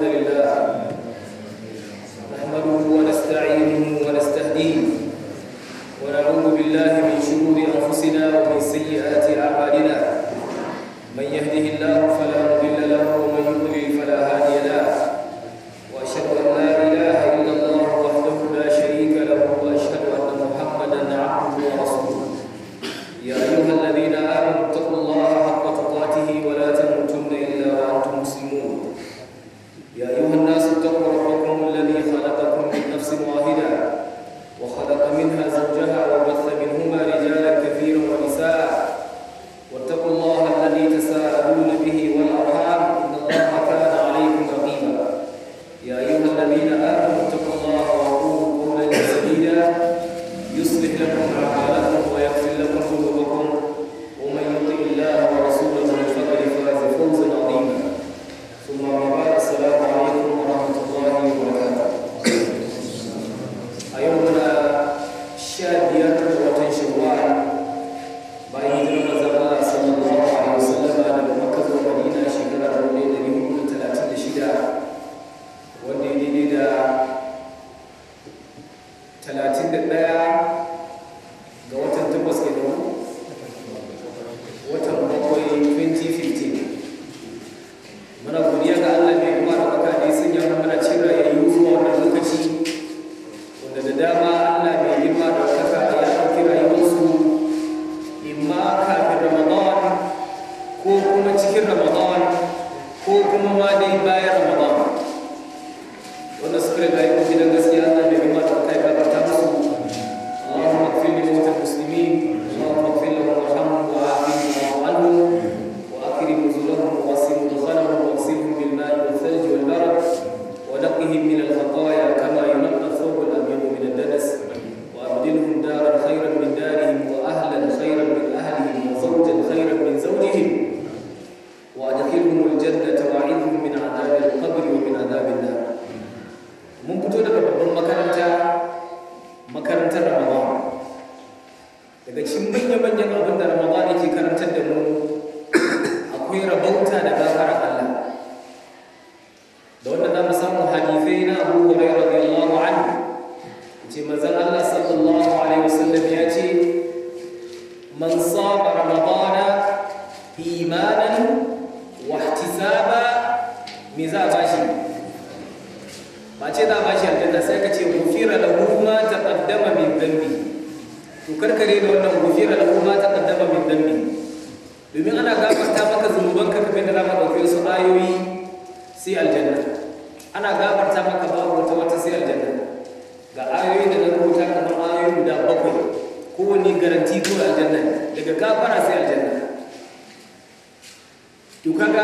되겠다.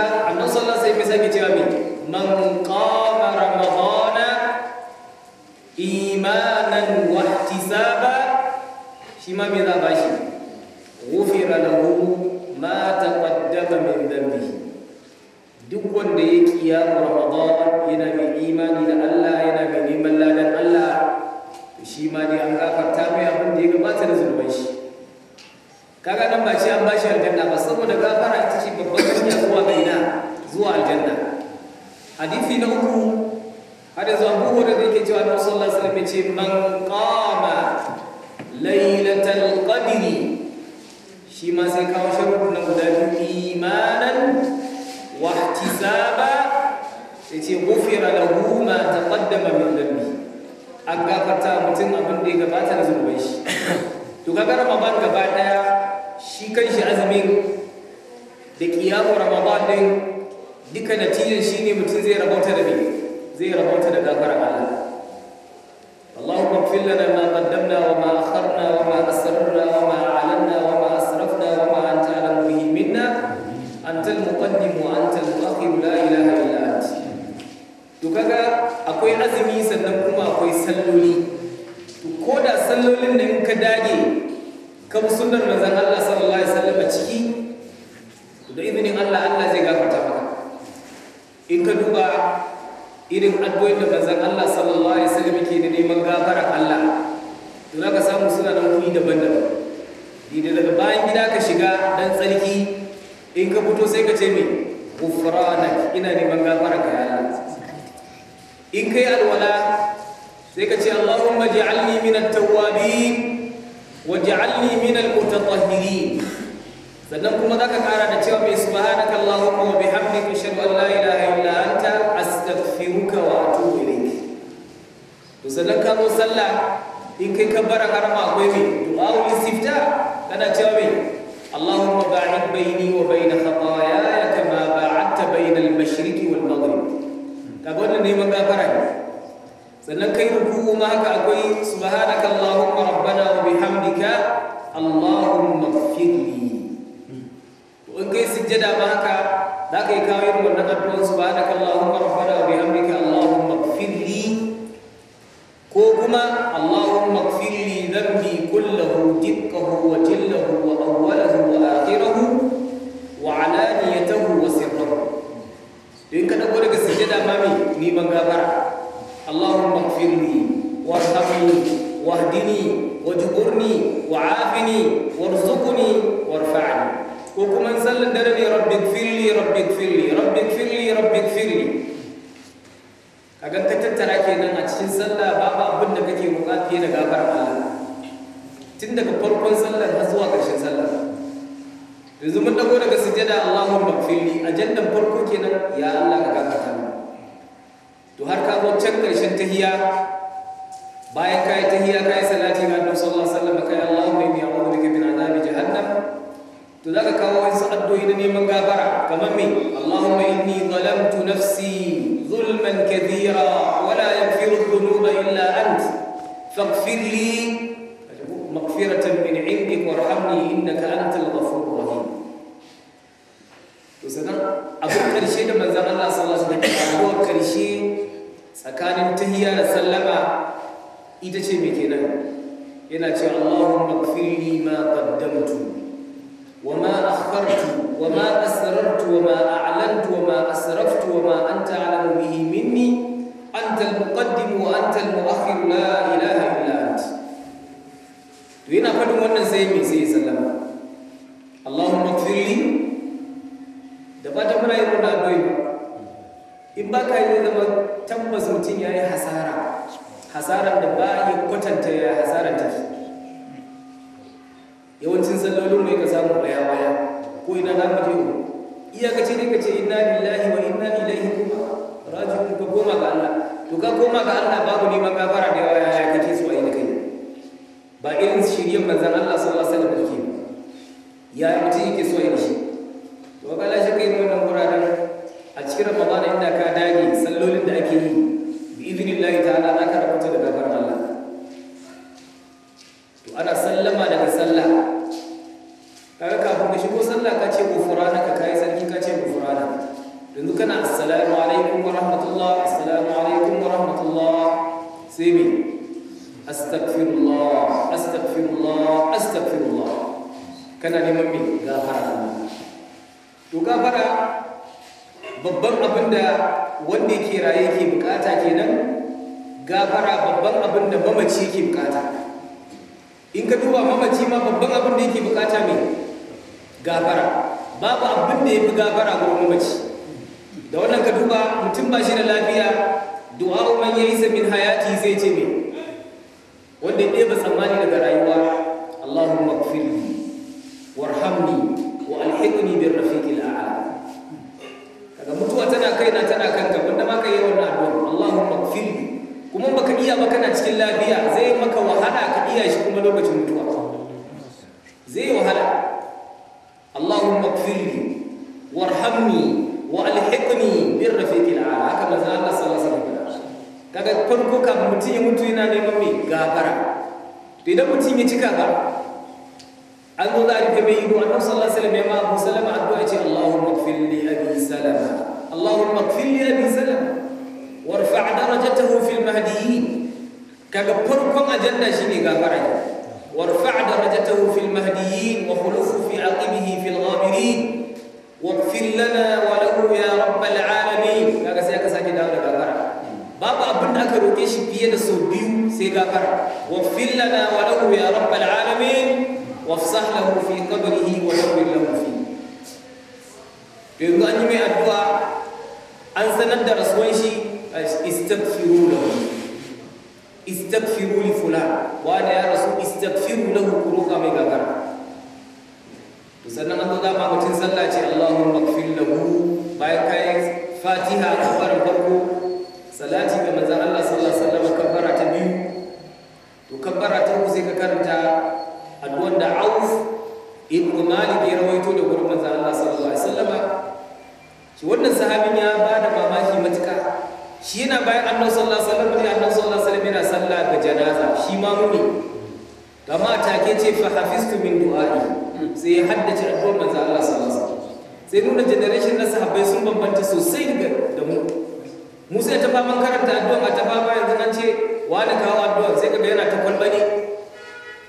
cewa annabi sai alaihi wasallam cewa me man qama ramadana imanan wa ihtisaba shi ma me za ba shi ghufira lahu ma taqaddama min dhanbihi duk wanda ya kiyamu ramadan yana mai imani da Allah yana mai neman ladan Allah to shi ma dai an gafarta mai abin da ya gabata da zulmai shi kaga nan ba shi an bashi aljanna ba saboda gafara ita ce babban hanya zuwa ga zuwa aljanna hadisi na uku hada zuwa buhu da yake cewa Annabi sallallahu alaihi wasallam ya ce man qama lailatal qadri shi ma sai kawo sharuɗu na guda biyu imanan wa ihtisaba yace ghufira lahu ma taqaddama min dhanbi an gafarta mutum abin da ya gabata da zunubai shi to kaga Ramadan gaba daya shi kan shi azumin da kiyamu ramadan din duka natijar shi ne mutum zai rabauta da me zai rabauta da gafara Allah Allahumma ighfir lana ma qaddamna wa ma akharna wa ma asrarna wa ma a'lanna wa ma asrafna wa ma anta alamu bihi minna anta muqaddim wa anta al la ilaha illa ant to kaga akwai azumi sannan kuma akwai salloli to koda sallolin da in ka dage kan sunan manzon Allah sallallahu alaihi wasallam ciki da izinin Allah Allah zai gafarta maka in ka duba irin addu'o'in da manzon Allah sallallahu alaihi wasallam yake da neman gafara Allah to zaka samu suna da wuri daban-daban idan daga bayan gida ka shiga dan tsarki in ka fito sai ka ce me gufrana ina neman gafara ka ya Allah in kai alwala sai ka ce Allahumma min at tawwabin waj'alni minal mutatahhirin sannan kuma zaka kara da cewa bi subhanaka allahumma wa bihamdika ashhadu an la ilaha illa anta astaghfiruka wa atubu ilayk to sannan ka zo sallah in kai kabbara karama akwai me du'a istifta kana cewa me allahumma ba'id baini wa bain khataaya kama ba'adta bain al-mashriqi wal maghrib kaga wannan neman gafara ne sannan kai ruku'u ma haka akwai subhanaka allahumma rabbana wa bihamdika allahumma ighfirli to in kai sujjada ma haka za ka yi kawo irin wannan addu'ar subhanaka allahumma rabbana wa bihamdika allahumma ighfirli ko kuma allahumma ighfirli dhanbi kullahu dikkahu wa jillahu wa awwalahu wa akhirahu wa alaniyatahu wa sirrahu in ka dago daga sujjada ma me ni ban gafara اللهم اغفر لي وارحمني واهدني وجبرني وعافني وارزقني وارفعني وكما انزل درني ربي اغفر لي ربي اغفر لي ربي اغفر لي ربي اغفر لي kagan ka tattara kenan a cikin sallah babu abin da kake bukata fiye da gafar Allah tun daga farkon sallar har zuwa ƙarshen sallar yanzu mun dago daga sujada Allahumma gfirli ajandan farko kenan ya Allah ka gafarta mu to har ka zo can ƙarshen tahiya bayan kai tahiya kai salati ga Annabi sallallahu alaihi wasallam kai Allahumma inni a'udhu bika min adhabi jahannam to zaka kawo wasu addu'o'i na neman gafara kamar me Allahumma inni zalamtu nafsi zulman kabira wa la yaghfiru dhunuba illa ant faghfir li maghfiratan min 'indik warhamni innaka antal ghafurur rahim to sanan karshe da manzon Allah sallallahu alaihi wasallam karshe tsakanin tahiyya da sallama ita ce mai kenan yana cewa Allahumma ighfirli ma qaddamtu wa ma akhartu wa ma asrartu wa ma a'lantu wa ma asraftu wa ma anta a'lamu bihi minni anta al-muqaddim wa anta al-mu'akhkhir la ilaha illa ant to yana fadin wannan sai mai sai sallama Allahumma ighfirli da fatan muna yi wannan addu'a in ba ka yi zama tabbas mutum ya yi hasara hasaran da ba a yi kwatanta ya hasaran ta yawancin sallolin mai ka samu baya baya ko ina za ka teku iyakaci ne ka ce inna lillahi wa inna ilaihi kuma rajiun ka koma ga Allah to ka koma ga Allah babu ne gafara da yawa ya kake so a yi kai ba irin shirye manzan Allah sallallahu alaihi wasallam yake ya mutum yake so ya yi shi to kala shi kai wannan guraren a cikin ramadana inda ka dage sallolin da ake yi bi idinillahi ta'ala za ka rabuta da gabar Allah to ana sallama daga sallah kaga kafin ka shigo sallah ka ce gufurana ka kai sarki ka ce gufurana yanzu kana assalamu alaikum wa rahmatullah assalamu alaikum wa rahmatullah sai me astaghfirullah astaghfirullah astaghfirullah kana neman me gafara to gafara babban abin da wanda ke raye ke bukata kenan gafara babban abin da mamaci ke bukata in ka duba mamaci ma babban abin da yake bukata mai gafara babu abin da ya fi gafara ga mamaci da wannan ka duba mutum ba shi da lafiya du'a man ya zamin min hayati zai ce mai wanda ya ba tsammani daga rayuwa Allahumma gfirli warhamni magana tana kanka ka wanda ma ka yi wannan addu'a Allahu gfirli kuma baka iya ba kana cikin lafiya zai maka wahala ka iya shi kuma lokacin mutuwa zai wahala Allahumma gfirli warhamni wa alhiqni bir rafiqil a'la haka manzo Allah sallallahu alaihi wasallam kaga farko kafin mutum ya mutu yana neman mai gafara to idan mutum ya cika ba an zo za a rufe mai ido annabi sallallahu alaihi wasallam ya ma Abu Salama addu'a ce Allahu Allahumma gfirli abi salama اللهم اغفر لأبي سلمة وارفع درجته في المهديين كذا فرقم أجنة شيني غفرة وارفع درجته في المهديين وخلفه في عقبه في الغابرين واغفر لنا وله يا رب العالمين كذا سيكا ساكي داود غفرة بابا أبن أكرو كيش بيد سوبيو سي غفرة واغفر لنا وله يا رب العالمين وافصح له في قبره ونور له فيه. Dengan ini adua an sanar da rasuwan shi a istagfiru lahu istagfiru li fula wa da ya rasu istagfiru lahu ku roƙa mai gagara to sannan an zo dama sallah ce Allahumma ighfir lahu bayan kayan fatiha kafarar farko salati ga manzon Allah sallallahu alaihi wasallam kafara ta biyu to kafara ta uku sai ka karanta addu'ar da Auf ibn Malik ya rawaito da gurbin manzon Allah sallallahu alaihi wasallam shi wannan sahabin ya ba da mamaki matuka shi yana bayan annabi sallallahu sallah wasallam ne annabi sallallahu sallah yana sallah ga janaza shi ma mu ne. amma take ce fa hafiztu min du'a'i sai ya haddace addu'ar manzo Allah sallallahu alaihi wasallam sai nuna generation na sahabbai sun bambanta sosai da mu mu sai ta faman karanta addu'a ta faman yanzu kan ce wani kawo addu'a sai kaga yana ta kwalba ne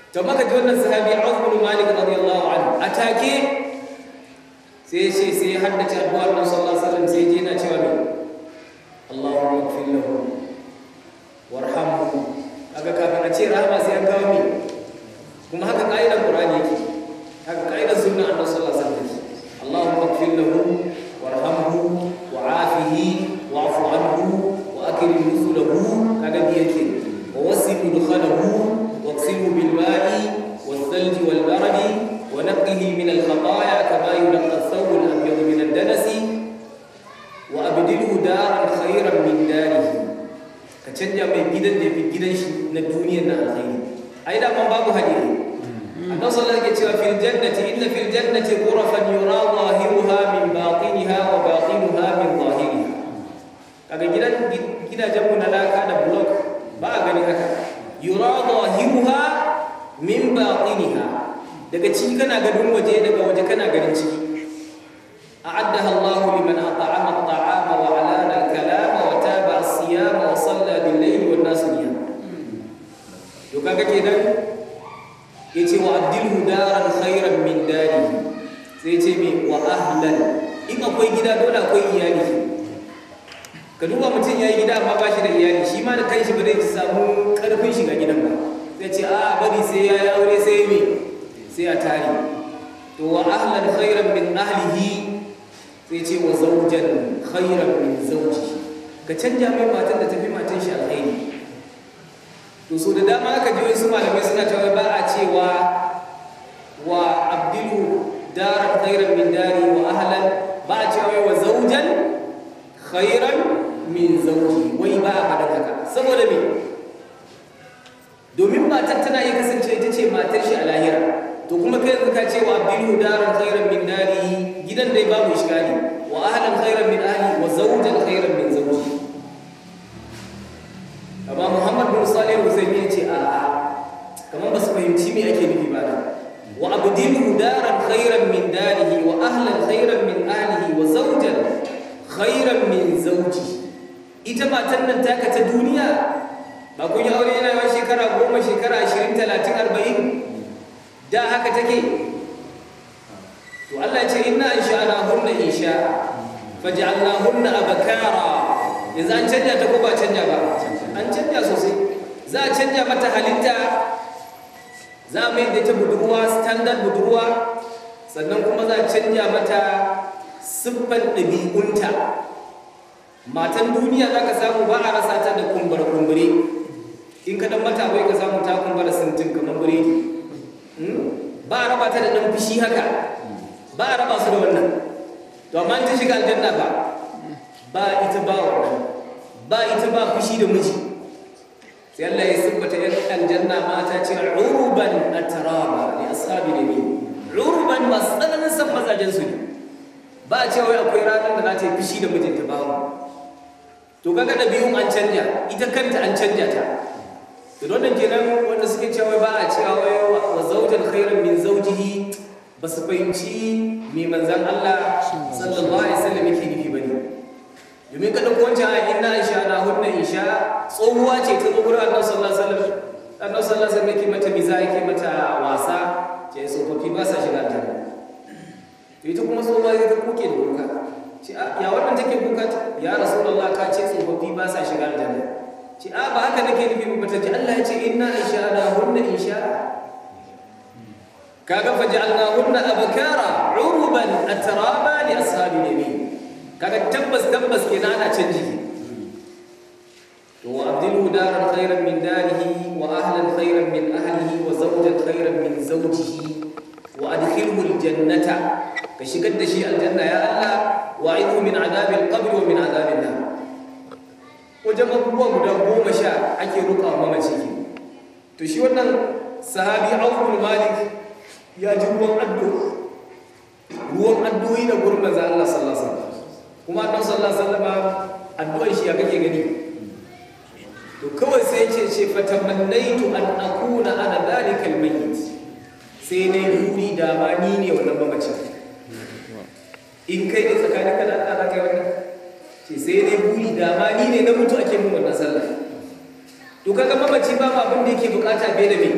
to maka ji wannan sahabi Uthman bin Malik radiyallahu anhu atake sai ce sai haddace addu'ar nan sallallahu alaihi sai je yana cewa me Allahumma ighfir lahu warhamhu kaga kafin a ce rahama sai an kawo me kuma haka ka'idar Qur'ani yake haka ka'idar sunna annabi sallallahu alaihi wasallam Allahumma ighfir lahu warhamhu wa'afihi wa'fu anhu wa akrim nuzulahu kaga bi yake wa wasi' dukhalahu wa qsilhu bil ma' ka canja mai gidan da ya fi gidan shi na duniyar na alkhairi ai da man babu hadiri hmm. annabi sallallahu a kun yi aure yana yawan shekara goma shekara ashirin talatin arba'in da haka take to Allah ce ina in sha Allah hunna in sha faj'alna hunna abkara yanzu an canja ta ko ba canja ba an canja sosai za a canja mata halitta za a mai da ta budurwa standard budurwa sannan kuma za a canja mata siffan ɗabi'unta matan duniya za ka samu ba a rasa ta da kumbure-kumbure in ka dan mata bai ka samu takun bara jin kamar biredi hmm? ba a raba ta da ɗan fushi haka ba a raba su da wannan to amma ta shiga aljanna ba ba ita ba wannan ba ita ba fushi da miji sai Allah ya sabbata yan aljanna mata ce uruban atraba li ashabi nabi uruban su tsananin san mazajen su ne ba a cewa akwai ranar da za ta yi fushi da mijinta ba to kaga da biyun an canja ita kanta an canja ta to wannan kenan wanda suke cewa ba a cewa wai wa zaujan khairan min zaujihi ba su fahimci mai manzan Allah sallallahu alaihi wasallam yake nufi bane domin ka dauko wancan a inna insha na hunna insha tsohuwa ce ta zuwa Allah sallallahu alaihi wasallam Allah sallallahu alaihi wasallam yake mata biza yake mata wasa ce tsofaffi ba sa shiga ta to ita kuma tsohuwa ta kuke da kuka ah, ya wannan take kuka ya rasulullah ka ce tsofaffi ba sa shiga aljanna ce a ba haka nake nufi ba ta ji Allah ya ce inna insha'ana hunna insha'a kaga faj'alna hunna abkara uruban atraba li ashabi yamin kaga tabbas tabbas kenan ana canji to abdilu daran khairan min darihi wa ahlan khairan min ahlihi wa zawjan khairan min zawjihi wa adkhilhu aljannata ka shigar da shi aljanna ya Allah wa'idhu min adabil qabri wa min adabil nar wajen abubuwa guda goma sha ake ruka mana ciki to shi wannan sahabi aukul malik ya ji ruwan addu, ruwan addoyi da gurin manzo Allah sallallahu alaihi wasallam kuma annabi sallallahu alaihi wasallam addu'ar shi ya kake gani to kawai sai ce ce fatamannaitu an akuna ana dhalika kalmai sai dai buri da ma ni ne wannan mamacin in kai ne tsakanin kana ta kai wannan ce sai dai buri da ma ni ne na mutu ake mun wannan sallah to kaga mamaci ba abin da yake bukata bai da me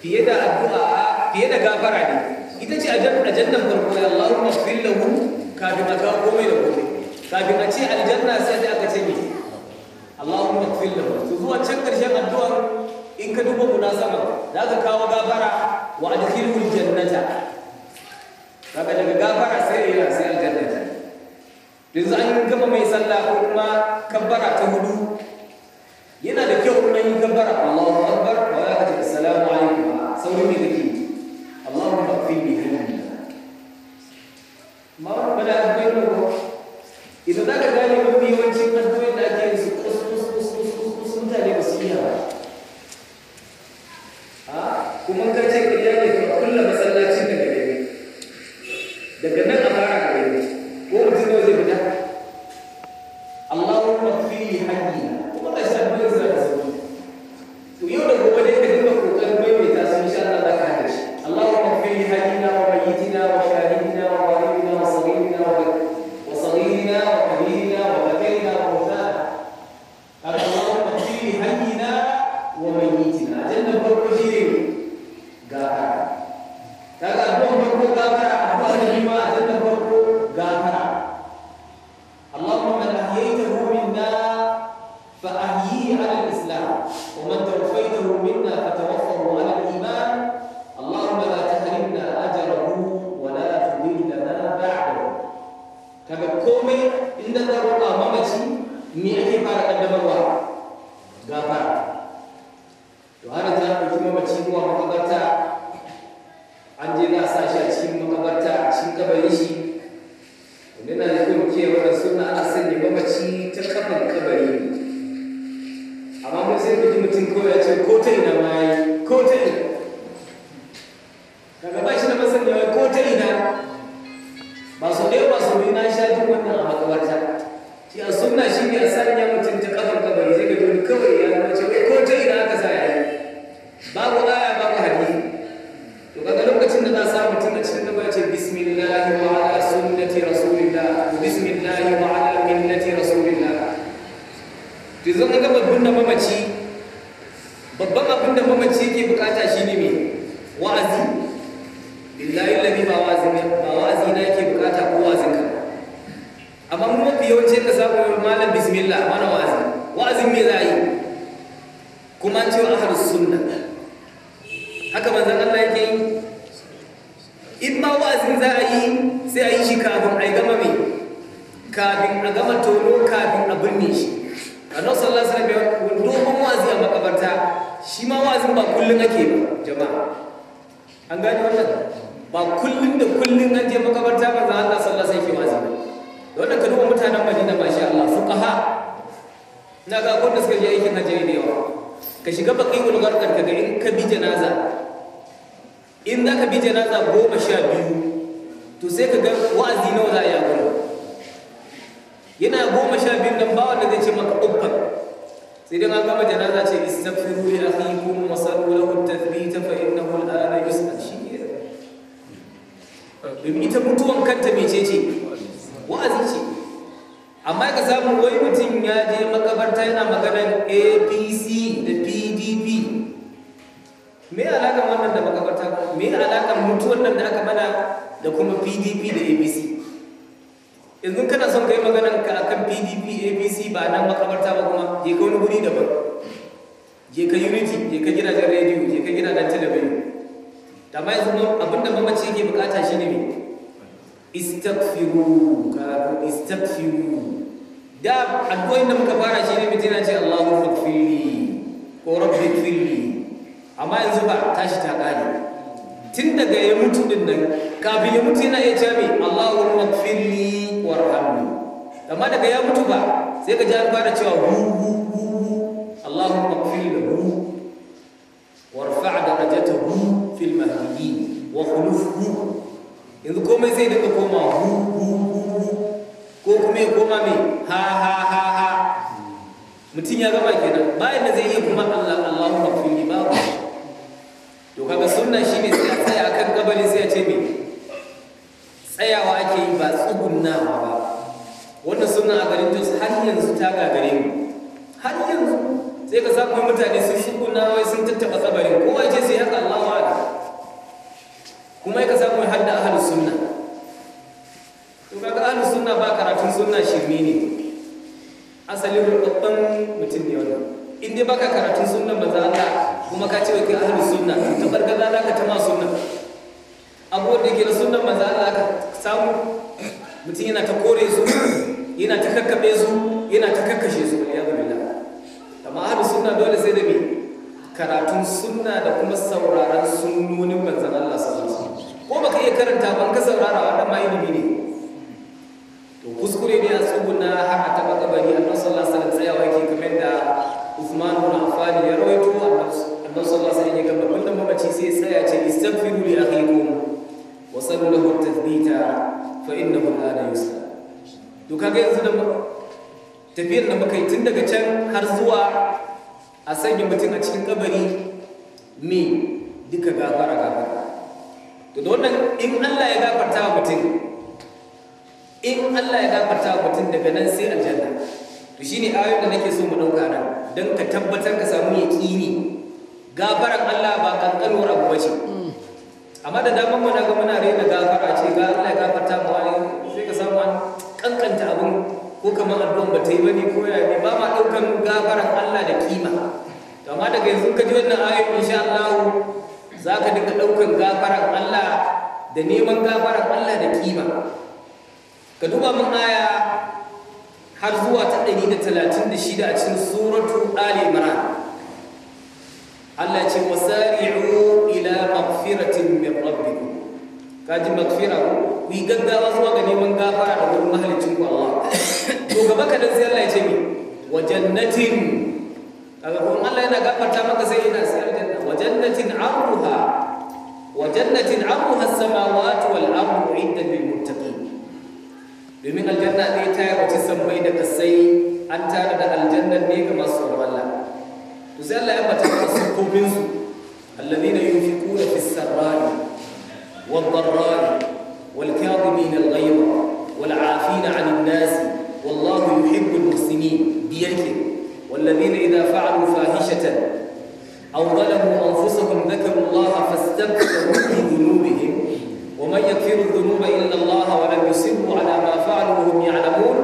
fiye da addu'a fiye da gafara ne ita ce ajannan farko ya Allahumma ighfir lahu kafin aka komai da komai kafin a ce aljanna sai dai aka ce ne Allahumma ighfir lahu to zuwa can karshen addu'a in ka duba sama za ka kawo gafara wa adkhilul jannata? kaga daga gafara sai ila sai aljannata yanzu an gama mai sallah ko kuma kabbara ta hudu yana da kyau kuma yi kabbara Allahu akbar wa alaikum assalamu alaikum sauri mai kake Allahu akbar bi hamdi ma bada addu'a ko idan ne mun mafi wancin addu'a da ake yi su kus kus kus kus kus kus sun tare ba siya ha ah, kuma kace kiyaye ne ka kullum masallacin da kake daga nan da mamaci yake bukata ne mai wa'azi billahi alladhi ba wa'azi ba wa'azi na yake bukata ko wa'azin ka amma mu mafi yawanci ka samu malam bismillah mana wa'azi wa'azin mai za yi kuma an ce wa ahlus sunna haka manzon Allah yake yi in ma wa'azin za a yi sai a yi shi kafin a gama mai kafin a gama tono kafin a binne shi nan sallallahu alaihi wasallam shi ma wa'azin ba kullum ake ba jama'a an gani wannan ba kullum da kullum an je makabarta ba za Allah sallah sai ke wa'azi da wannan ka duba mutanen Madina ba shi Allah fuqaha na ga gwanda suka je aikin hajji ne yawa ka shiga baqiul gharqar ka garin ka bi janaza in za ka bi janaza goma sha biyu to sai ka ga wa'azi nawa za a yi a yana goma sha biyu nan ba wanda zai ce maka uffan sai an gama janaza ce istaghfiru li akhikum mutuwan kanta mecece wa'azi ce amma wai mutum ya je yana maganar abc pdp me alaka wannan da makabarta me alakan mutuwan nan da aka mana da kuma pdp da abc yanzu kana son kai yi maganan ka akan pdp ABC, ba nan makabarta ba kuma je ka wani guri daban je ka unity je ka gidajen rediyo je ka gidajen talabijin da ma yanzu abinda mamaci yake bukata shi ne istagfiru karatu istagfiru da addu'o'in da muka fara shi ne mutum yana ce Allahu fakfiri ko rabbi firli amma yanzu ba tashi ta kare tun daga ya mutu din nan kafin ya mutu yana iya cewa me Allahu fakfiri warhamni amma daga ya mutu ba sai ka ji an fara cewa hu hu hu Allahu Allahumma qfil lahu warfa' hu fil mahdi wa khulufhu yanzu komai sai daga koma hu hu hu ko kuma ya koma me ha ha ha ha mutum ya gama kenan bayan da zai iya kuma Allah Allahu qfil ba to kaga sunna shine sai a tsaya akan kabari sai a ce me tsayawa ake yi ba tsugunawa ba wannan suna a garin tos har yanzu ta gagare mu har yanzu sai ka samu mutane sun tsuguna wai sun tattaba tsabarin ko ce sai haka allahu ala kuma ya ka samu har da ahalus sunna to kaga ahalus sunna ba karatun sunna shirme ne asalin rubabban mutum ne wannan in dai baka karatun ba manzo Allah kuma ka ce wa ke ahalus sunna to tabargaza zaka ta ma sunna abubuwan da yake na sunan manzo ka samu mutum yana ta kore su yana ta kakkabe su yana ta kakkashe su ya zama da amma ahlu suna dole sai da mai karatun suna da kuma sauraron sunonin manzo Allah sallallahu alaihi wasallam ko baka iya karanta ban ka saurara wannan ma ilimi ne to kuskure ne a tsuguna har a taba kabari annabi sallallahu alaihi wasallam tsayawa yake kamar da Usman ibn Affan ya rawaito annabi sallallahu alaihi wasallam ya kamar wanda mamaci sai ya tsaya ce istaghfiru li akhikum وصلوا له التثبيت فإنه الآن يسلى to kaga yanzu da tafiyar da muka yi tun daga can har zuwa a sanya mutum a cikin kabari me duka gafara gafara to da wannan in Allah ya gafarta wa mutum in Allah ya gafarta wa mutum daga nan sai aljanna to shine ayoyin da nake so mu dauka nan dan ka tabbatar ka samu ne. gafaran Allah ba kankanuwar abu bace amma da daman mu na ga muna da gafara ce ga Allah ya gafarta mu wani sai ka samu an kankanta abin ko kamar addu'an ba ta yi bane ko ya ne ba ma daukan gafaran Allah da kima to amma daga yanzu ka ji wannan ayoyin insha Allah ka dinga daukan gafaran Allah da neman gafaran Allah da kima ka duba mun aya har zuwa ta ɗari da da talatin shida a cikin suratu Ali Allah ce wasari'u ila maghfiratin min rabbikum kaji maghfira ku yi gaggawa zuwa ga neman gafara da wurin mahalicin ku Allah to gaba ka dan sai Allah ya ce mi wa jannatin kaga kun Allah yana gafarta maka sai yana sai aljanna wa jannatin arruha wa jannatin arruha as-samawati wal ardu 'inda lil muttaqin domin aljanna ne ta yi wacce sammai da kasai an tare da aljannan ne ga masu tsoron Allah وزال لما تقصر كوبينزو الذين ينفقون في السراء والضراء والكاظمين الغيظ والعافين عن الناس والله يحب المسلمين بيكر والذين إذا فعلوا فاهشة أو ظلموا أنفسهم ذكروا الله فاستبتروا في ذنوبهم ومن يكفر الذنوب إلا الله ولم يصروا على ما فعلوا وهم يعلمون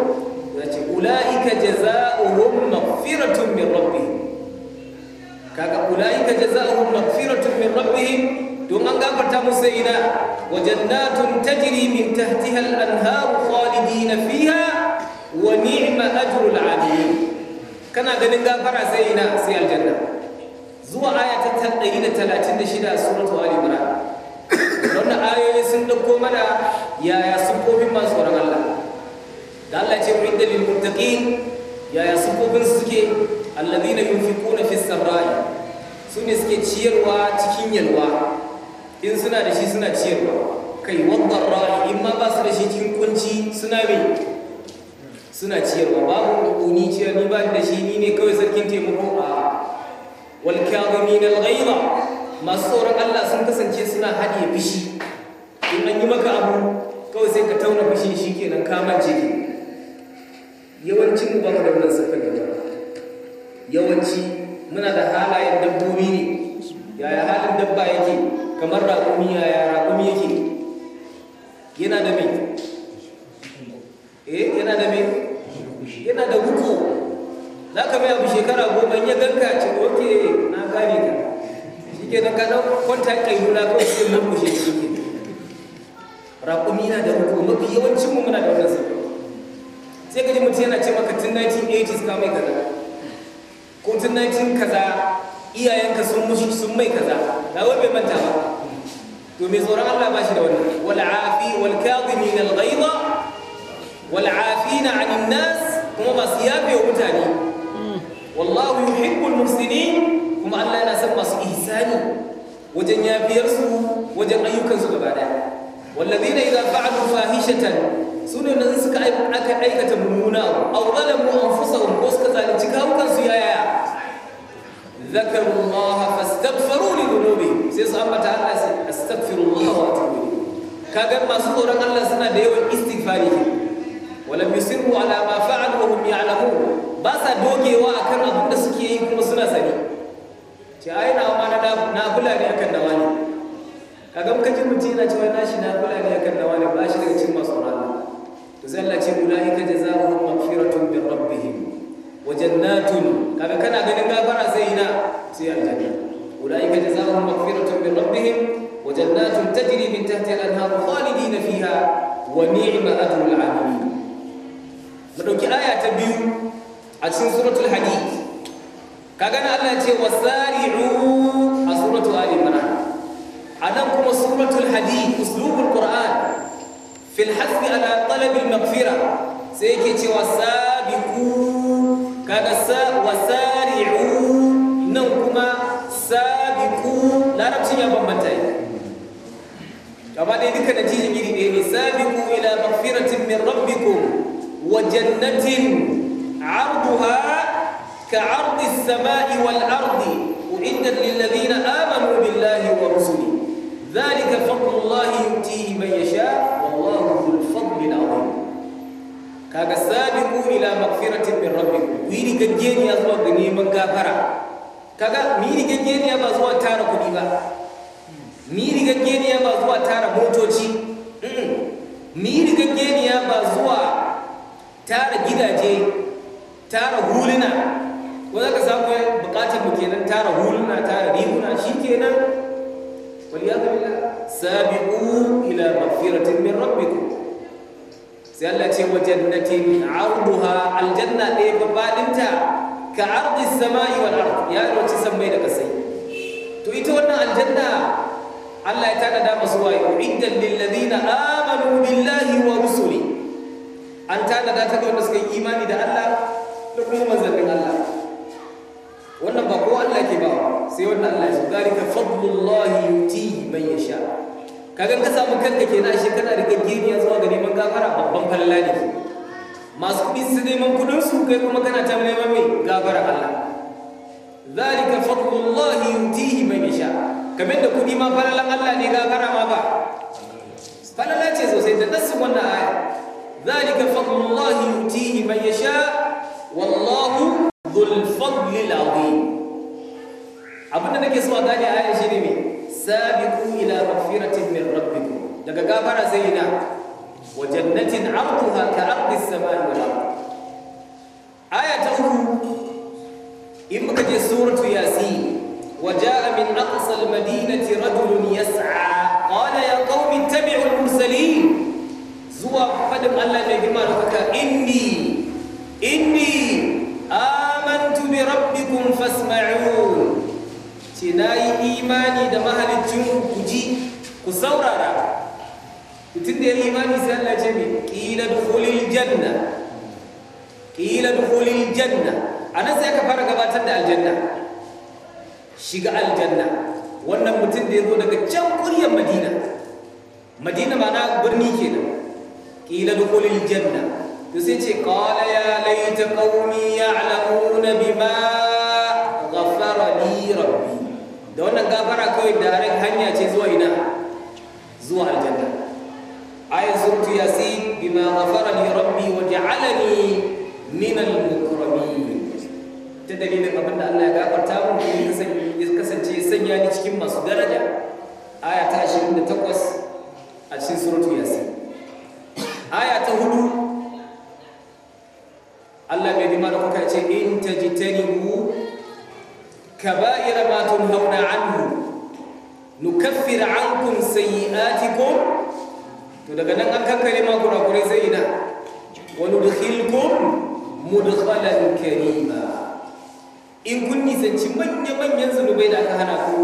ayatun min rabbihim dungan ga farta musa ina wa jannatun tajri min tahtiha al-anhar khalidina fiha wa ni'ma ajrul 'abid kana ganin gafara sai ina sai aljanna zuwa ayatun tadayin 36 suratu wannan ayoyi sun dauko mana yaya sufofin masu tsoron Allah da Allah ce mun dalil muttaqin yaya sufofin suke alladhina yunfiquna fis sarai su ne suke ciyarwa cikin yalwa in suna da shi suna ciyarwa kai wadda ra'i in ma ba su da shi cikin kunci suna mai suna ciyarwa babu kuni ciyar ni ba da shi ni ne kawai sarkin taimako a walkyagomi na lagaiba masu tsoron allah sun kasance suna haɗe fushi. in an yi maka abu kawai sai ka tauna fushi shi kenan kamar jiki yawancin ba mu da wannan siffar yawanci muna da halayen dabbobi ne yaya halin dabba yake kamar rakumi? yaya raƙumi yake yana da mai eh yana da mai yana da buko za ka mai abu shekara goma ya ganka ce oke na gane ka shi ke na kanan kwanta ƙayyula kawai sai mun kushe shi ke raƙumi yana da buko mafi yawancinmu muna da wannan sai ka ji mutum yana ce maka tun 1980s ka mai kaza ko kaza iyayenka sun musu sun mai kaza ga bai manta ba to mai tsoron Allah ba shi da wannan wal afi wal kadhimin al ghaiza wal afina 'anil nas kuma ba su yafe wa mutane wallahu yuhibbul muhsinin kuma Allah yana son masu ihsani wajen yafiyarsu wajen ayyukansu gaba daya والذين إذا فعلوا فاحشة su ne nan suka aka aikata mummuna aw zalamu anfusahum ko suka zalunci ya yaya zakaru Allah ne li dhunubihim sai su ambata Allah sai astaghfirullah wa Ka kaga masu tsoron Allah suna da yawan istighfari walam yusirru ala ma fa'alu wa hum ya'lamun ba sa dogewa akan abin da suke yi kuma suna sani ce ai na ma na kula ne akan da wani kaga muka ji mutum yana cewa na shi na kula ne akan da wani ba shi daga cikin masu rana. to sai Allah ce ulaika jazaohum maghfiratun min rabbihim wa jannatun kaga kana ganin gafara sai ina sai aljanna ulaika jazaohum maghfiratun min rabbihim wa jannatun tajri min tahtiha al-anhar khalidin fiha wa ni'ma ajrul 'amilin mu dauki aya ta biyu a cikin suratul hadid kaga na Allah ce wasari'u a suratul ali imran anan kuma suratul hadid uslubul qur'an fil hasbi ala talabil maghfira sai yake cewa sabiqu kaga sa wasari'u nan kuma sabiqu larabcin ya bambanta gaba dai duka natijin iri ɗaya ne sabiqu ila maghfiratin min rabbikum wa jannatin 'arduha كعرض السماء والأرض أعدت للذين آمنوا بالله ورسله ذلك فضل الله يؤتيه من يشاء wallahu dhul fadli al-azim kaga sabiqu ila maghfiratin min rabbikum wiri gaggeniya zuwa ga neman gafara kaga mi rigaggeniya ba zuwa tara kudi ba mi rigaggeniya ba zuwa tara motoci mi rigaggeniya ba zuwa tara gidaje tara huluna wanda ka samu bukatar mu kenan tara huluna tara riguna shikenan waliyadu billah sabiqu ila magfiratin min rabbikum sai Allah ce wa jannatin arduha aljanna ɗaya babbaɗinta ka ardi samai wal ard ya roci sammai da kasai to ita wannan aljanna Allah ya tada masu wayo iddan lil ladina amanu billahi wa an tada ta ga wanda suka yi imani da Allah da kuma Allah wannan ba kowa Allah ke ba sai wannan Allah shi zalika fadlullahi yuti man yasha kaga ka samu kanka na shi kana riga geniya zuwa ga neman gafara babban falala ne masu kuɗi su neman kuɗin su kai kuma kana ta neman mai gafara Allah zalika fadlullahi yutihi man yasha kamar da kuɗi ma falalan Allah ne gafara ma ba falala ce sosai da nasu wannan aya zalika fadlullahi yutihi man yasha wallahu ذو الفضل العظيم abinda nake so a gane aya shi ne me sabiqu ila magfiratin min rabbikum daga gafara sai ina wa jannatin 'arduha ka 'ardi as-samai wal ard aya ta uku in muka je suratu yasin وجاء من أقصى المدينة رجل يسعى قال يا قوم اتبعوا المرسلين زوا فدم الله ما يجمع إني إني ce na yi imani da mahalicin ku ku saurara mutum da ya yi imani sai Allah ce mai ƙila dukulil janna ƙila dukulil janna a nan sai ka fara gabatar da aljanna shiga aljanna wannan mutum da ya zo daga can kuryar madina madina ma na birni kenan ƙila dukulil janna to sai ce ƙala ya laita ƙaumi ya alamuna bima غفر لي ربي da wannan gafara kawai da harin hanya ce zuwa ina zuwa aljanna ayin zurtu ya si bima gafara ni rabbi wa ja'alani min al-mukrami ta dalilin abin da Allah ya gafarta mu ya kasance sanya ni cikin masu daraja aya ta takwas, a cikin suratu yasin aya ta hudu Allah bai bi da kuka ce in tajtanibu كبائر ما تنهون عنه نكفر عنكم سيئاتكم to daga nan an kankare ma kurakurai sai ina wa nudkhilkum mudkhalan karima in kun nisanci manya manyan zunubai da aka hana ku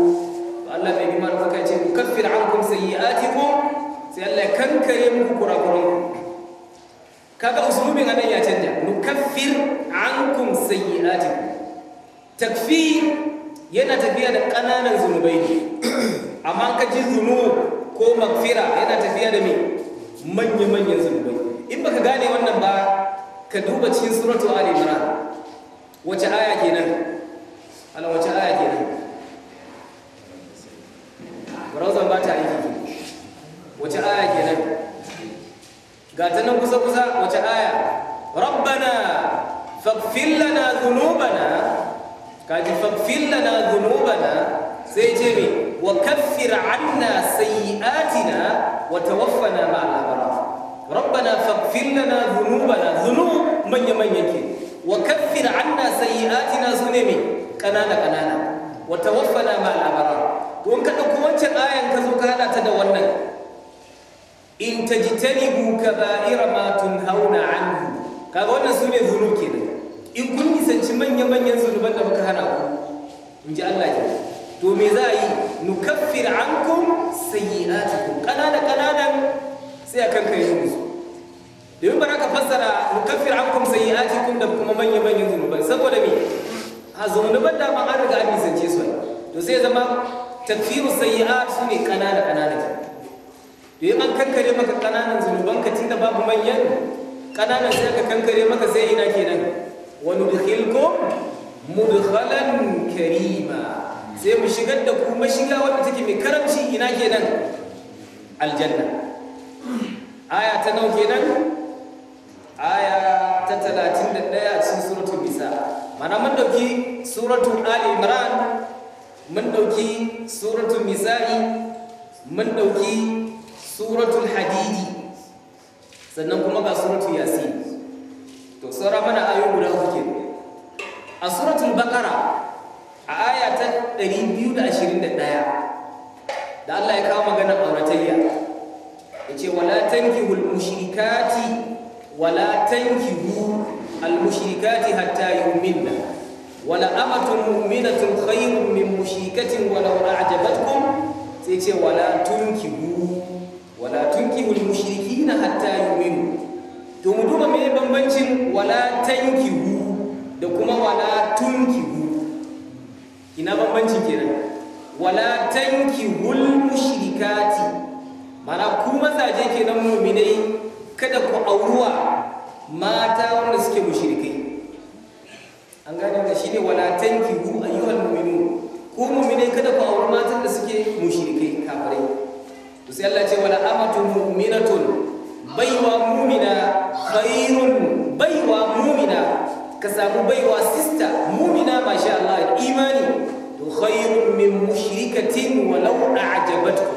to Allah bai nima maka ce ku kaffir ankum sayyi'atikum sai Allah ya kankare muku kurakuran ku kaga uslubin anan ya canja nukaffir ankum sayyi'atikum takfir yana tafiya da ƙananan zunubai amma ka ji zunubu ko magfira yana tafiya da me manya-manyan zunubai in baka gane wannan ba ka duba cikin suratu ali imran wace aya kenan ala wace aya kenan browser ba ta aiki wace aya kenan ga ta nan kusa kusa wace aya rabbana faghfir lana dhunubana kaji faghfir na dhunubana sai ce me wa kaffir anna sayyi'atina wa tawaffana ma'al abrar rabbana faghfir lana dhunubana dhunub manya manya ke wa kaffir anna sayyi'atina sune me kanana ƙanana wa tawaffana ma'al abrar don ka dauko wancan ayan ka zo ka hada ta da wannan in ta ta ji tajtanibu kaba'ira ma tun tunhauna anhu kaga wannan su sune dhunub kenan in kun nisanci manya-manyan zunuban da muka hana ku in ji Allah ji to me za a yi nukaffir ankum sayyi'atikum kanana kananan sai a kanka yi musu domin ba ka fassara nukaffir ankum sayyi'atikum da kuma manya-manyan zunuban saboda me a zunuban da ma an riga an nisance su to sai zama takfiru sayyi'at su ne kanana kanana domin an kankare maka kananan zunuban ka da babu manyan kananan sai ka kankare maka sai ina kenan وندخلكم مدخلا كريما sai mu shigar da ku mashiga wadda take mai karamci ina kenan aljanna aya ta nau nan, aya ta 31 a cikin suratul bisa. mana mun dauki suratul ali imran mun dauki suratul nisa'i mun dauki suratul hadidi sannan kuma ga suratul yasin to saura mana ayo guda uku ke a suratul baqara a aya ta 221 da Allah ya kawo maganar auratayya yace wala tankihul mushrikati wala tankihu al mushrikati hatta yu'minna wala amatun mu'minatun khayrun min mushrikatin wala a'jabatkum sai ce wala tunkihu wala tunkihu mushrikina hatta yu'minna to mu duba mai bambancin wala tankihu da kuma wala tunkihu ina bambancin kenan wala tankihul mushrikati mana ku mazaje kenan mu'minai kada ku auruwa mata wanda suke mushrikai an gane shi shine wala tankihu ayyuhal mu'minun ku mu'minai kada ku auri matan da suke mushrikai kafirai to sai Allah ya ce wala amatun mu'minatun baiwa mumina khairun baiwa mumina ka samu baiwa sista mumina masha Allah imani to khairun min mushrikatin walau a'jabatku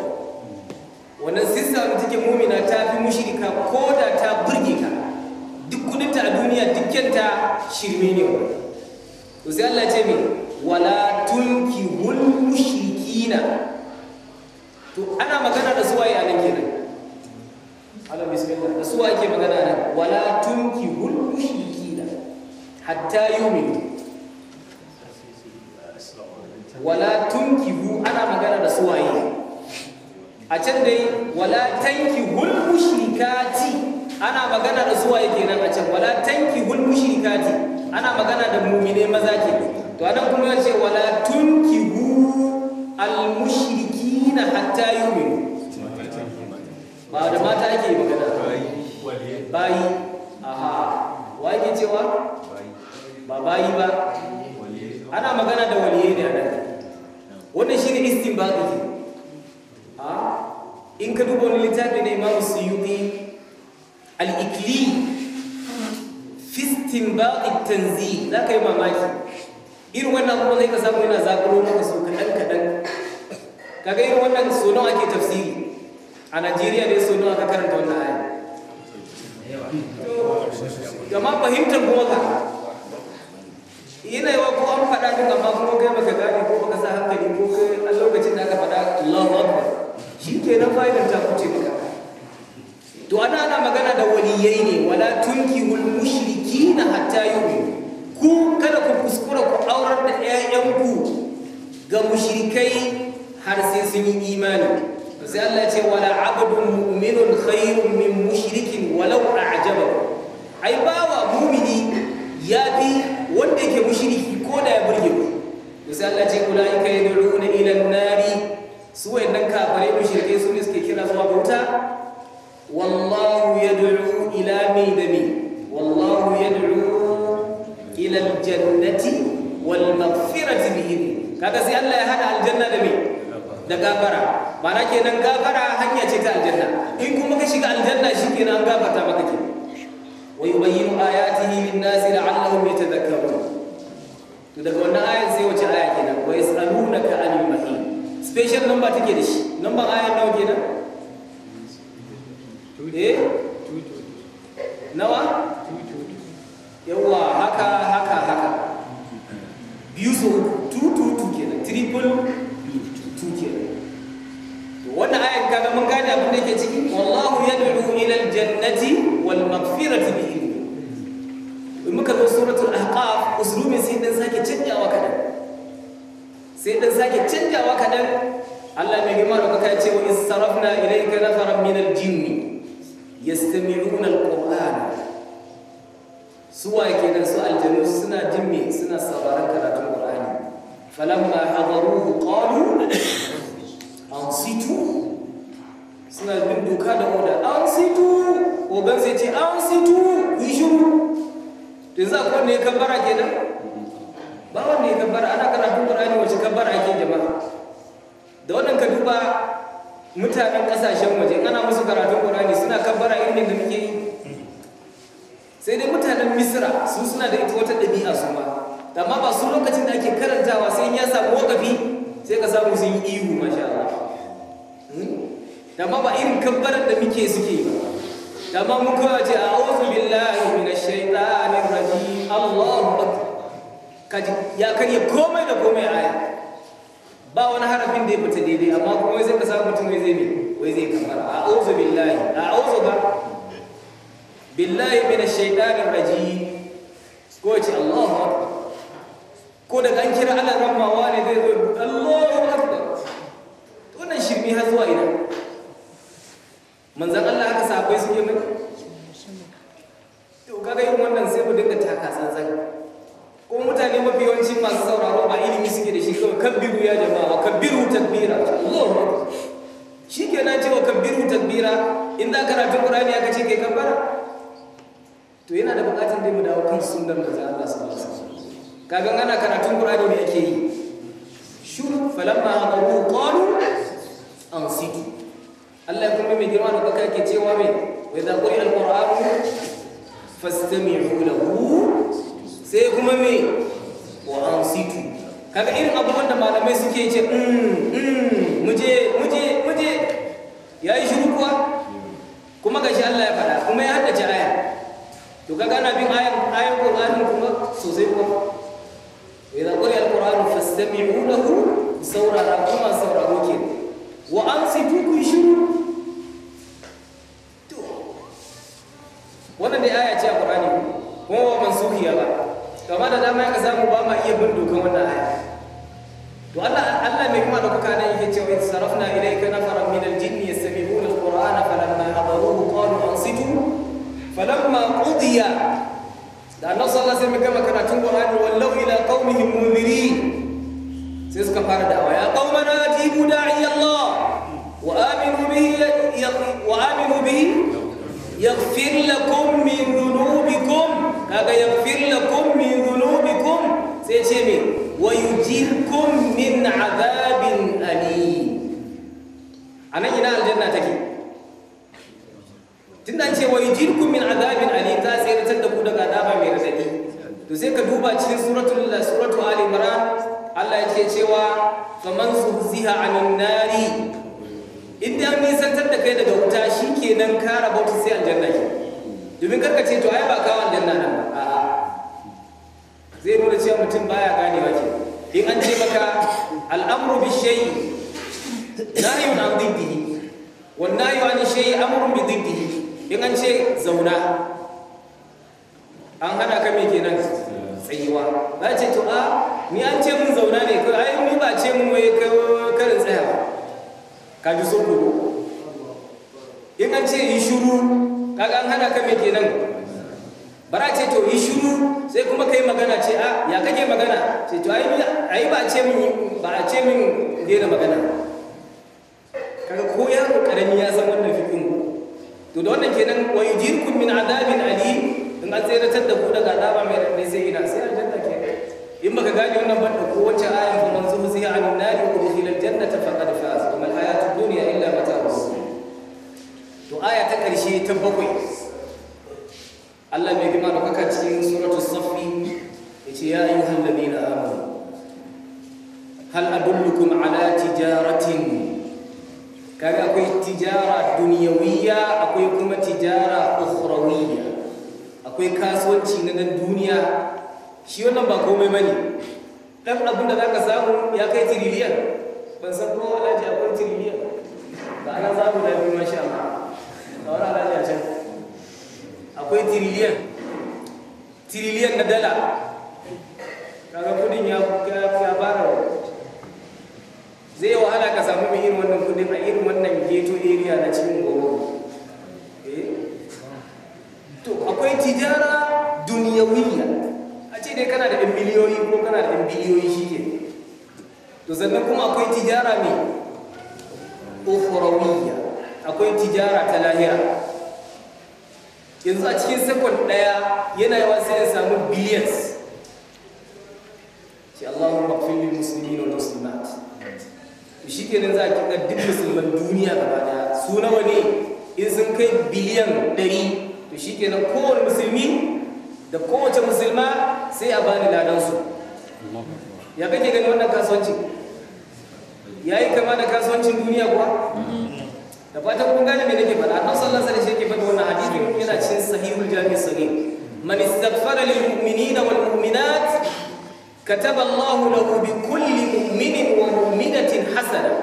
wannan sista mu take mumina ta fi mushrika ko da ta burge ka duk kudinta a duniya dukkan ta shirme ne to sai Allah ce me wala tunkihul mushrikina to ana magana da suwaye a nan kenan ala bismillah da su ake magana nan wala tunki hul mushrikina hatta yu'minu wala tunki tunkihu ana magana da suwaye a can dai wala tankihul mushrikati ana magana da suwaye kenan a can wala tankihul mushrikati ana magana da mu'mine maza ke to anan kuma ce wala tunkihu al mushrikina hatta yu'minu ba da mata ake magana bayi aha wa yake cewa ba bayi ba ana magana da waliye ne a nan wannan shi ne ba a in ka duba wani littafi na imamu yi al-ikli fi istinbati tanzi za ka yi mamaki irin wannan kuma zai ka samu yana zakaro maka su kaɗan kaɗan kaga irin wannan sonon ake tafsiri a najeriya ne sau nawa karanta wannan aya gama fahimtar kuma ka yana yawa ko an faɗa duk amma kuma kai baka gane ko baka sa hankali ko kai a lokacin da aka faɗa Allahu Akbar shi ke nan fa'idar ta kuce maka to ana ana magana da waliyai ne wala tunkihul mushrikina hatta yu'minu ku kada ku kuskura ku aurar da 'ya'yanku ga mushrikai har sai sun yi imani sai Allah ya ce wala abdun mu'minun khairun min mushrikin walau a'jabahu ai bawa mu'mini yafi wanda yake mushriki ko da ya burge ku sai Allah ya ce ulai mutanen kasashen waje ana musu karatun ƙorani suna kabbara irin da muke yi sai dai mutanen misira su suna da ita wata ɗabi'a su ma amma ba su lokacin da ake karantawa sai ya samu wakafi sai ka samu sun yi ihu masha Allah hmm? amma ba irin kabbarar da muke suke yi ba amma mun kawai ce a'udhu billahi minash shaitanir rajim Allahu akbar kaji ya karye komai da komai aya ba wani harafin da ya fita daidai amma kuma wai zai ka samu mutum wai zai ne wai zai kamar auzu billahi auzu ba billahi minash shaitanir rajim ko ce Allahu akbar ko da kan kira Allah rammawa ne zai zo Allahu akbar nan shirme har zuwa ina manzan Allah aka sabai suke mai to kaga yin wannan sai mu dinga taka tsantsan kuma mutane mafi yawanci masu sauraro ba ilimi suke da shi kawai kabbiru ya jama'a wa takbira Allah shi ke na cewa kabbiru takbira in za karatun ƙurani aka ce kai kabbara to yana da buƙatar dai mu dawo kan da za a subhanahu ba. su kagan ana karatun ƙurani ne ake yi shuru falamma ƙwaru An ansitu Allah ya kuma mai girma da baka ke cewa mai wa idza quri'a Fasitami ya fastami'u lahu sai kuma me wa an situ kaga irin abubuwan da malamai suke ce mm, mm, muje muje muje ya yi shiru kuwa kuma shi Allah ya faɗa kuma ya haddace aya to kaga na bin ayan ayan Qur'ani kuma sosai kuma idan qul al-Qur'anu fastami'u lahu saurara kuma ko ke wa ansi kaga an hana ka me kenan bara ce to yi shiru sai kuma kai magana ce a ah, ya kake magana ce to ayi ba a ce min ba a ce min daina magana kaga ko yaro karami ya san wannan fikin to da wannan kenan wa yujirkum min adabin ali in an tseratar da ku daga azaba mai rande sai ina sai aljanna kenan in baka gane wannan banda da ko wace ayan kuma sun sai an nari ku da hilal fa qad fa to aya ta ƙarshe ta bakwai Allah mai gima da kuka cikin suratul safi ce ya ayyuhal ladina amanu hal adullukum ala tijaratin kaga akwai tijara duniyawiyya akwai kuma tijara ukhrawiyya akwai kasuwanci na nan duniya shi wannan ba komai bane dan abin da zaka samu ya kai tiriliyan ban san ko alaji akwai tiriliyan ba ana zamu da bi masha Allah ga wani alhaji a can akwai tiriliyan tiriliyan na dala kaga kudin ya ya fara zai wahala ka samu mai irin wannan kudin a irin wannan ghetto area na cikin goro eh? to akwai tijara duniyawiyya a ce dai kana da ɗan miliyoyi ko kana da ɗan biliyoyi shi ke to sannan kuma akwai tijara mai ukhrawiyya akwai tijara ta lahira yanzu a cikin sekon ɗaya yana yawa sai ya samu billions shi Allahun mafilin musulmi na musulmat shi nan za a kika duk musulman duniya gaba daya su nawa ne in sun kai biliyan ɗari to shi nan kowane musulmi da kowace musulma sai a bani ladansu ya kake gani wannan kasuwanci ya yi kama da kasuwancin duniya kuwa da fatan kun gane me nake faɗa annabi sallallahu alaihi wasallam yake faɗa wannan hadisin yana cikin sahihul jami' sahih man istaghfara lil mu'minina wal mu'minat kataba Allahu lahu bi kulli mu'minin wa mu'minatin hasana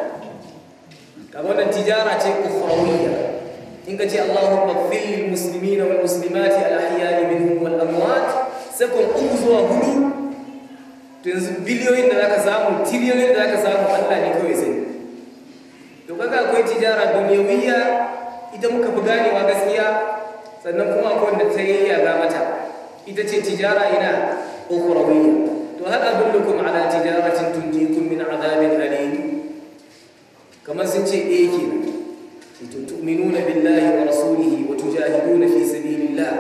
kaga wannan tijara ce ukhrawiyya in ka ce Allahumma ighfir lil muslimina wal muslimati al ahya'i minhum wal amwat sai kun uku zuwa hudu to yanzu biliyoyin da zaka samu tiriyoyin da zaka samu Allah ne kawai sai to kaga akwai tijara dunyawiya ita muka fi ganewa gaskiya sannan kuma akwai wanda ta yi yaga mata ita ce tijara ina ukhrawiyya to hal adullukum ala tijaratin tunjikum min adabin alim kamar sun ce eh kenan tu'minuna billahi wa rasulihi wa tujahiduna fi sabilillah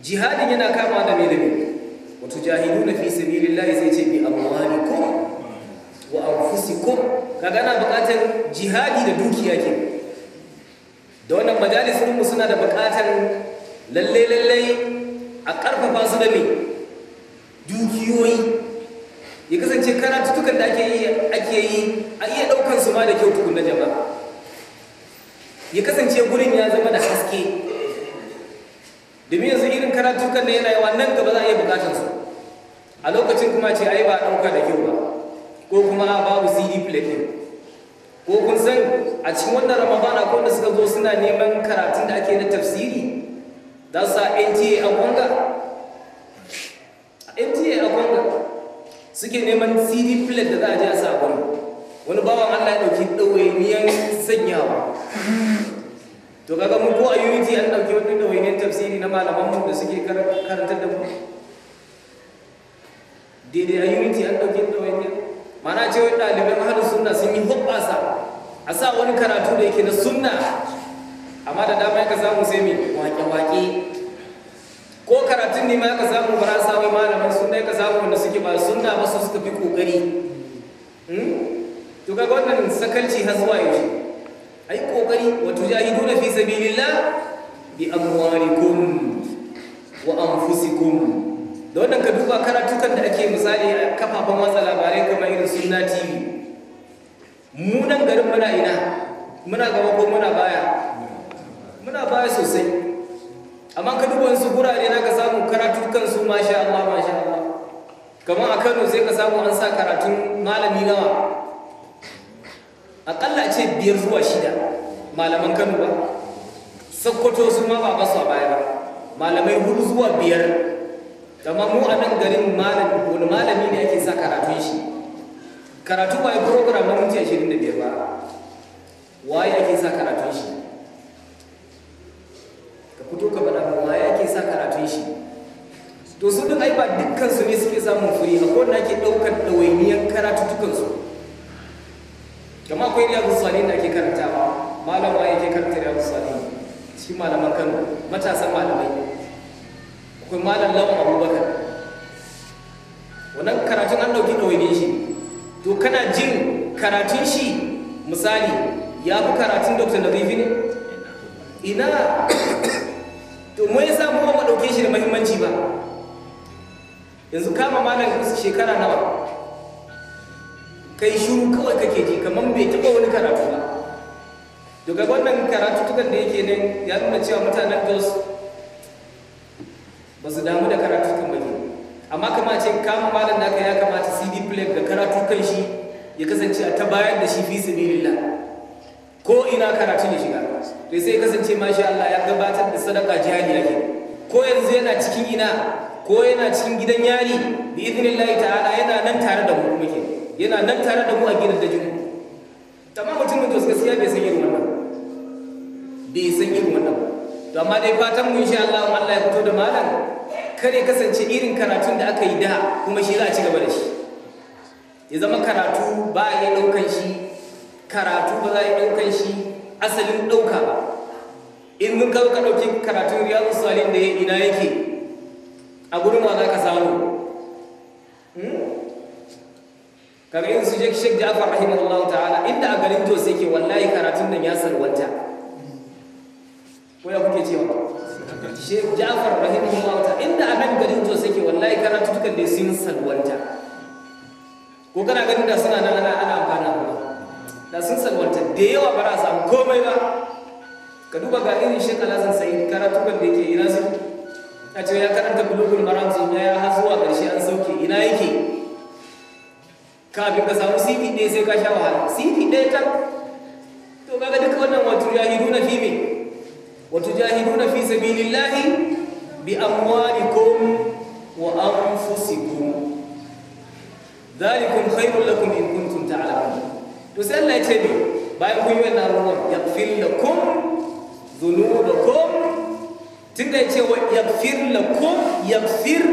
jihadin yana kama da me da me wa tujahiduna fi sabilillah sai ce bi amwalikum wa anfusikum kaga na bukatar jihadi da dukiya ke da wannan majalisun mu suna da bukatar lalle lalle a karfafa su da me dukiyoyi ya kasance karatutukan da ake yi ake yi a iya daukan su ma da kyau tukun na jama'a ya kasance gurin ya zama da haske domin yanzu irin karatukan da yana yawa nan gaba za a iya bukatar su a lokacin kuma ce ai ba a dauka da kyau kuma babu cd plate ko kun san a cikin wannan ramadan akwai wanda suka zo suna neman karatun da ake na tafsiri za sa nta a gwanga nta a gwanga suke neman cd plate da za a je a sa a wani bawan allah ya ɗauki ɗawainiyan sanyawa to kaga mun ko a unity an ɗauki wani ɗawainiyan tafsiri na malamanmu da suke karantar da mu daidai a unity an ɗauki ɗawainiyan mana ce wani ɗaliban halin sunna sun yi hubbasa a sa wani karatu da yake na sunna amma da dama yaka samu sai mai wake-wake ko karatun ne ma yaka samu ba sa wai malaman sunna ka samu wanda suke ba sunna ba su suka fi kokari hmm? to kaga wannan sakalci har zuwa yaushe ai kokari wa fisa fi sabilillah bi amwalikum wa anfusikum da wannan ka duba karatukan da ake misali a kafafen watsa labarai kamar irin suna tv mu nan garin muna ina muna gaba ko muna baya muna baya sosai amma ka duba wasu gurare na ka samu karatukan su masha Allah masha Allah kamar a Kano sai ka samu an sa karatun malami nawa akalla ce biyar zuwa shida malaman Kano ba Sokoto su ma ba ba su a baya ba malamai hudu zuwa biyar amma mu a nan garin wani malami ne ake sa karatu shi karatu ba program na mutu ashirin da biyar ba waye ake sa karatu shi ka fito ka bada ba waye ake sa karatu shi to su duk ai ba dukkan su ne suke samun kuri a kowanne ake ɗaukar ɗawainiyar karatu dukansu kama akwai riyar salihin da ake ba malam waye ke karanta riyar salihin shi malaman kano matasan malamai akwai malam lawan abubakar wannan karatun an ɗauki ɗawaine shi to kana jin karatun shi misali ya fi karatun dr nazifi ne ina to mai yasa mu ba ɗauke shi da mahimmanci ba yanzu kama malam musu shekara nawa kai shuru kawai kake ji kamar bai taɓa wani karatu ba daga wannan karatu tukan da yake nan ya nuna cewa mutanen jos ba su damu da karatu kan bane amma kama ce kama malam naka ya kamata cd play da karatu kan shi ya kasance a ta bayar da shi fi sabilillah ko ina karatu ne shiga to sai kasance masha Allah ya gabatar da sadaka jihar yake ko yanzu yana cikin ina ko yana cikin gidan yari bi idnillahi ta'ala yana nan tare da mu muke yana nan tare da mu a gidan dajin tamam mutumin to gaskiya bai san irin wannan bai san irin wannan to amma dai fatan mu insha Allah Allah ya fito da malam kare kasance irin karatun da aka yi da kuma shi za a ci gaba da shi ya zama karatu ba a yi ɗaukan shi karatu ba za a yi ɗaukan shi asalin ɗauka ba in mun kawo ka ɗauki karatun riyadu salin da ya ina yake a gurin wa za ka samu hmm? kamar yin su shek shek rahimu Allah ta'ala inda a garin sai ke, wallahi karatun nan ya salwanta Sheikh Ja'far rahimahullah ta inda a nan garin to sake wallahi karatu dukan da sun salwanta ko kana ganin da suna nan ana ana amfana da sun salwanta da yawa ba za samu komai ba ka duba ga irin Sheikh Alhassan Said karatu kan da yake ina su a ce ya karanta bulugul maram zo ya ha zuwa karshe an sauke ina yake kafin ka samu CD ɗaya sai ka sha wahala CD ɗaya ta to kaga duka wannan wato ya hidu na fi وتجاهدون في سبيل الله بأموالكم وأنفسكم ذلكم خير لكم إن كنتم تعلمون تسأل الله يتبع بايكم يوانا يغفر لكم ذنوبكم tunda ya ce wa yagfir lakum yagfir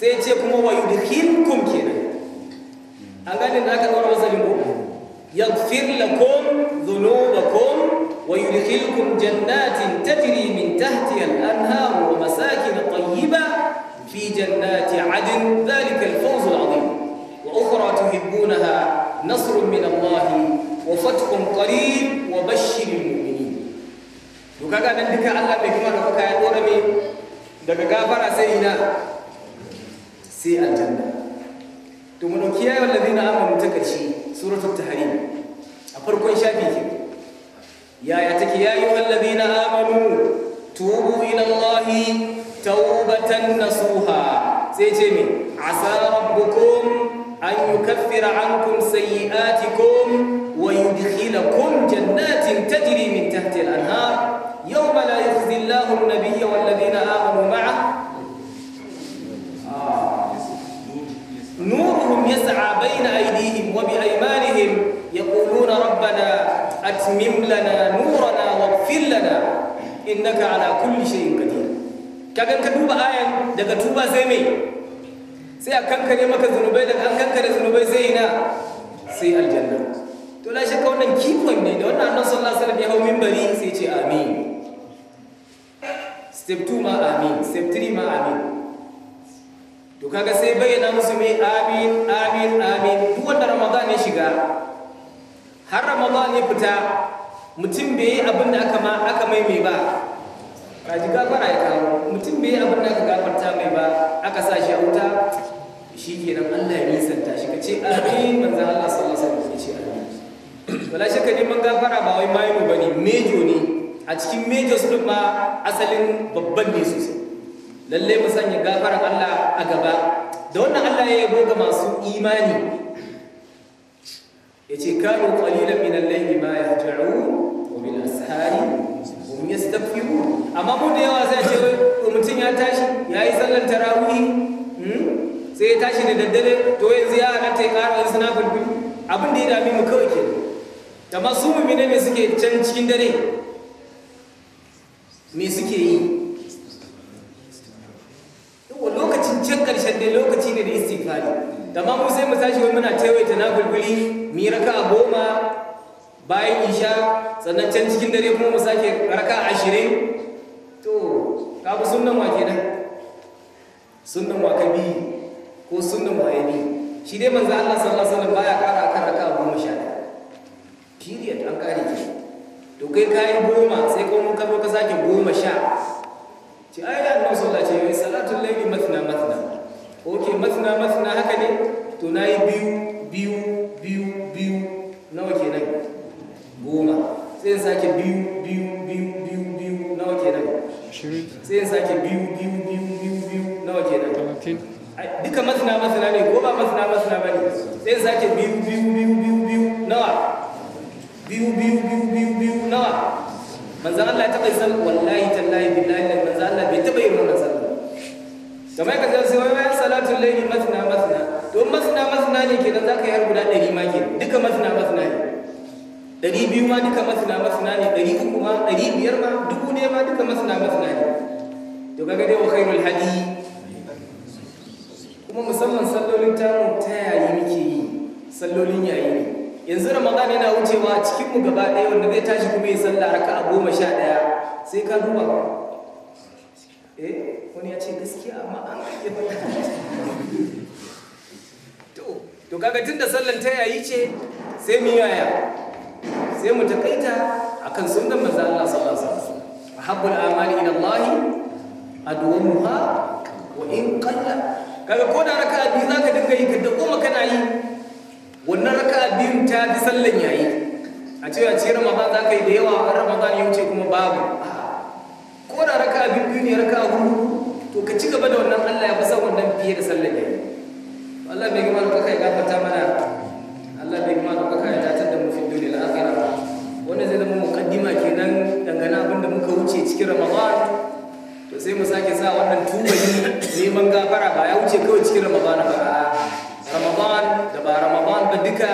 sai ya ce kuma wa yudkhilkum kenan an da aka tsara wasalin ko yagfir ويدخلكم جنات تجري من تحتها الأنهار ومساكن طيبة في جنات عدن ذلك الفوز العظيم وأخرى تحبونها نصر من الله وفتح قريب وبشر المؤمنين وكذا نندك الله بكما نفكا يدورمي daga gafara sai ina sai aljanna to mu dauki yayin ladina amanu ta kace suratul tahrim a farkon shafi kenan yaya take ya yi wallazina amanu tubu ta Allah taubatan nasuha sai ce an yi rabbukum an kun sayi sayyi'at istighfari amma mu sai mu tashi wai muna taiwaita na bulbuli mu ka a goma bayan isha sannan can cikin dare kuma mu sake raka ashire to kafi sunan wa kenan sunan wa kabi ko sunan wa yani shi dai manzo Allah sallallahu alaihi wasallam baya kara akan raka goma sha period an kare ki to kai kayan goma sai kuma ka zo ka sake goma sha ci ayyana Allah sallallahu alaihi wasallam salatul laifin matsina-matsina. ok masna masna haka ne to na yi biyu biyu biyu biyu nawa kenan goma sai sake biyu biyu biyu biyu biyu nawa kenan sai in sake biyu biyu biyu biyu biyu nawa kenan duka masna masna ne goma ba masna ba ne sai sake biyu biyu biyu biyu biyu nawa biyu biyu biyu biyu biyu nawa manzan Allah ya taɓa yi sallah wallahi tallahi billahi manzan Allah bai taɓa yin wannan sallah kamar ka zai sai wai salatul laili masna masna to masna masna ne ke kenan zaka yi har guda 100 ma ke duka masna masna ne 200 biyu ma duka masna masna ne 300 uku ma dari biyar ma duku ne ma duka masna masna ne to kaga dai wa khairul hadi kuma musamman sallolin tamu ta yayi muke yi sallolin yayi ne yanzu ramadan yana wucewa cikin mu gaba daya wanda zai tashi kuma ya sallah raka'a goma sha ɗaya sai ka duba eh wani ya ce gaskiya amma an kake to to kaga tun da sallan ta yayi ce sai mu yaya sai mu takaita akan sunnar manzo Allah sallallahu alaihi wasallam habbul amali ila Allah adwamuha wa in qalla kaga ko da raka'a biyu zaka dinga yi ka da, dako kana yi wannan raka'a biyun ta fi sallan yayi a ce a ce Ramadan zaka yi da yawa a Ramadan ya wuce kuma babu ko da raka abin biyu ne raka gudu to ka ci gaba da wannan Allah ya fasa wannan fiye da sallar yi Allah bai gama da kai gafata mana Allah bai gama da kai datar da mu fi duniya al wannan zai zama mukaddima kenan dangane abin da muka wuce cikin Ramadan to sai mu sake sa wannan tubali neman gafara ba ya wuce kawai cikin Ramadan ba Ramadan da ba Ramadan ba duka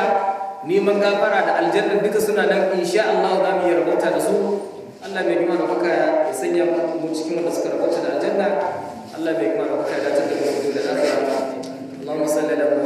neman gafara da aljanna duka suna nan insha Allah za mu yi rabauta da su Allah bai gima da baka ya sanya mu cikin wanda suka rabauta da aljanna Allah bai gima da baka ya dace da mu da lafiya Allahumma salli ala